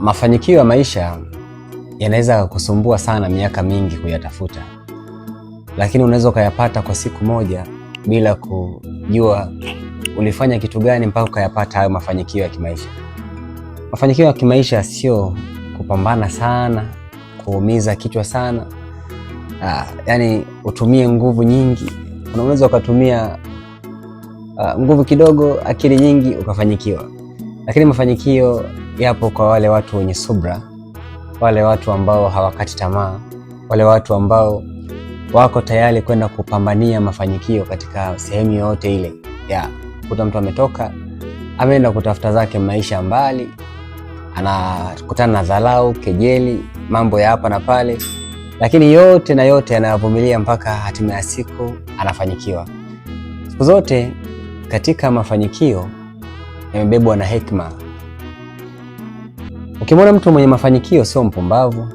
Mafanikio ya maisha yanaweza kusumbua sana miaka mingi kuyatafuta, lakini unaweza ukayapata kwa siku moja bila kujua ulifanya kitu gani mpaka ukayapata hayo mafanikio ya kimaisha. Mafanikio ya kimaisha sio kupambana sana, kuumiza kichwa sana, aa, ah, yani utumie nguvu nyingi. Unaweza ukatumia ah, nguvu kidogo, akili nyingi, ukafanikiwa, lakini mafanikio yapo kwa wale watu wenye subra, wale watu ambao hawakati tamaa, wale watu ambao wako tayari kwenda kupambania mafanikio katika sehemu yoyote ile ya kuta. Mtu ametoka ameenda kutafuta zake maisha mbali, anakutana na dharau, kejeli, mambo ya hapa na pale, lakini yote na yote anayavumilia mpaka hatima ya siku anafanikiwa. Siku zote katika mafanikio yamebebwa na hekima. Ukimwona mtu mwenye mafanikio sio mpumbavu,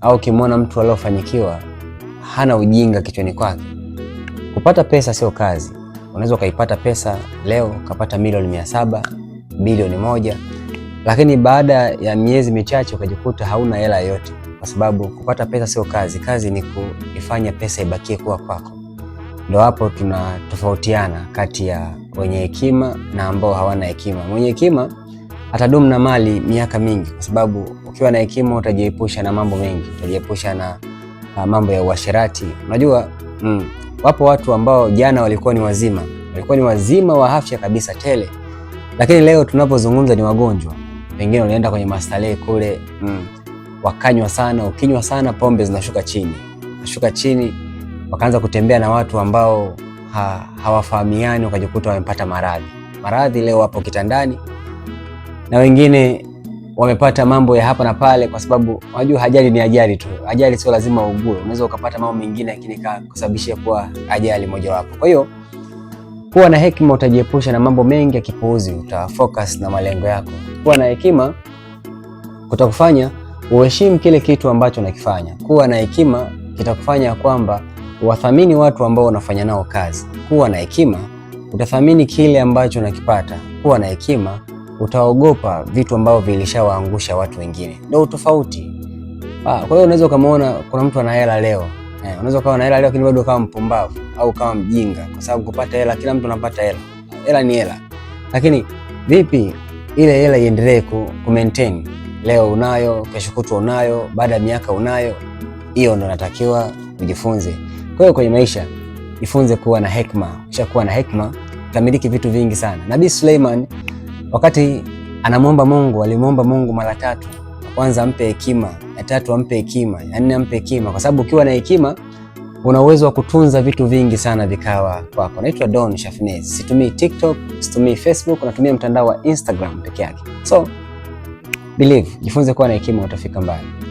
au ukimwona mtu aliyofanikiwa hana ujinga kichwani kwake. Kupata pesa sio kazi. Unaweza ukaipata pesa leo ukapata milioni mia saba bilioni moja, lakini baada ya miezi michache ukajikuta hauna hela yoyote, kwa sababu kupata pesa sio kazi. Kazi ni kuifanya pesa ibakie kuwa kwako. Ndo hapo tunatofautiana kati ya wenye hekima na ambao hawana hekima. Mwenye hekima atadumu na mali miaka mingi, kwa sababu ukiwa na hekima utajiepusha na mambo mengi, utajiepusha na uh, mambo ya uasherati. Unajua mm, wapo watu ambao jana walikuwa ni wazima, walikuwa ni wazima wa afya kabisa tele, lakini leo tunapozungumza ni wagonjwa. pengine walienda kwenye mastarehe kule, mm, wakanywa sana. Ukinywa sana pombe zinashuka chini, nashuka chini, wakaanza kutembea na watu ambao ha, hawafahamiani, wakajikuta wamepata maradhi. Maradhi leo wapo kitandani na wengine wamepata mambo ya hapa na pale, kwa sababu unajua ajali ni ajali tu. Ajali sio lazima ugue, unaweza ukapata mambo mengine lakini kusababishia kuwa ajali mojawapo. Kwa hiyo kuwa na hekima, utajiepusha na mambo mengi ya kipuuzi, utafocus na malengo yako. Kuwa na hekima kutakufanya uheshimu kile kitu ambacho unakifanya. Kuwa na hekima kitakufanya kwamba wathamini watu ambao unafanya nao kazi. Kuwa na hekima utathamini kile ambacho unakipata. Kuwa na hekima utaogopa vitu ambavyo vilishawaangusha watu wengine, ndio utofauti. Ah, kwa hiyo unaweza ukamwona kuna mtu ana hela leo eh, unaweza ukawa na hela leo lakini bado kama mpumbavu au kama mjinga, kwa sababu kupata hela, kila mtu anapata hela. Hela ni hela, lakini vipi ile hela iendelee ku ku maintain? Leo unayo, kesho kutwa unayo, baada ya miaka unayo. Hiyo ndo natakiwa ujifunze. Kwa hiyo kwenye maisha jifunze kuwa na hekima, kisha kuwa na hekima kamiliki vitu vingi sana. Nabii Suleiman Wakati anamwomba Mungu, alimwomba Mungu mara tatu. Kwanza ampe hekima, ya tatu ampe hekima, ya nne ampe hekima, kwa sababu ukiwa na hekima una uwezo wa kutunza vitu vingi sana vikawa kwako. Naitwa Don Shafnez, situmii TikTok, situmii Facebook, natumia mtandao wa Instagram peke yake. So believe, jifunze kuwa na hekima, utafika mbali.